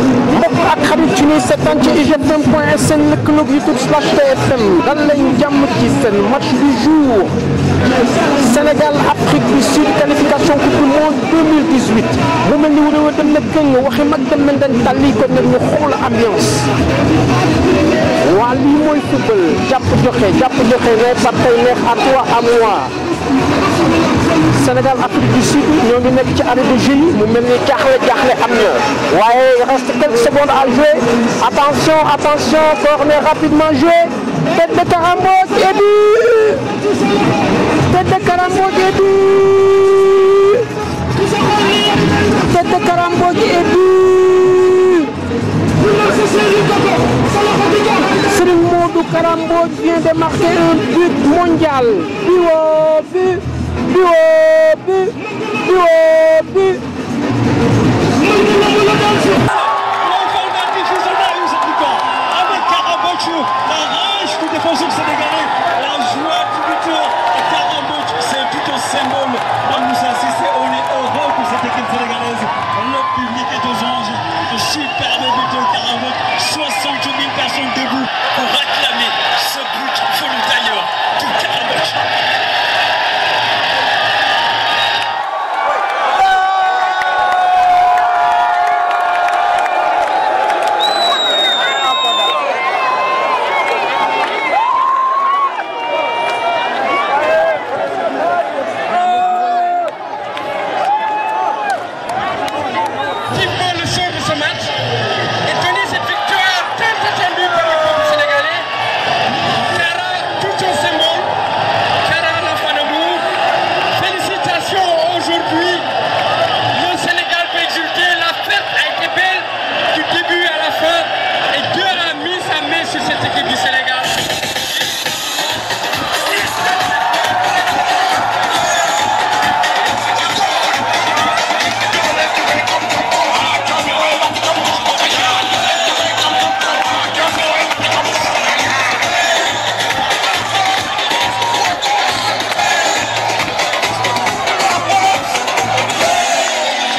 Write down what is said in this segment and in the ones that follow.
mbokk ak xarit ci ñuy seetaan ci iGFM point sn lëkkaloog youtube slash tfm dal lañ jàmm ci seen match du jour Sénégal Afrique du Sud qualification coupe du monde 2018 mu mel ni wu réew dem na këng waxi mag dem nañ dañ tàlli kon nag ñu xool ambiance waa lii mooy football jàpp joxe jàpp joxe ne par tey neex à toi à moi Sénégal Afrique du Sud ñoo ngi nekk ci arrêt de jeu yi mu mel ni jaaxle jaaxle am ñoo waaye il reste quelques secondes à jouer attention attention corner rapidement joué tête de Karambot et but tête de Karambot et but tête de Karambot et but Serigne Modou Karambot vient de marquer un but mondial but Avec Karabochou, la rage du défenseur sénégalais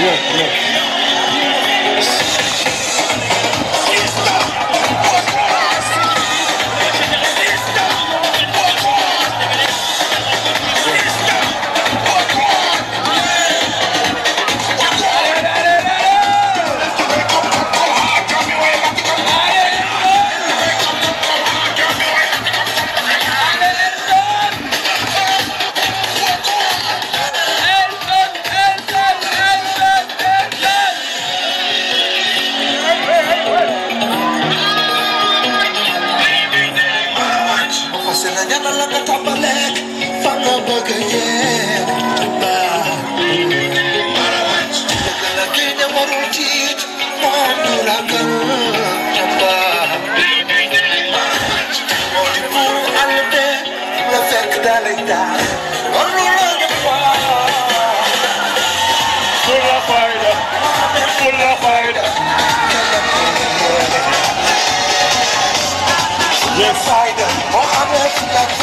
Yes, yes. yàlla la nga tàmbalee fa nga bëgg yéen baax. dëgg la kii ne warul tiit moom du ragal baax. moo di pour àll de la fekk daa lay daal. Thank you.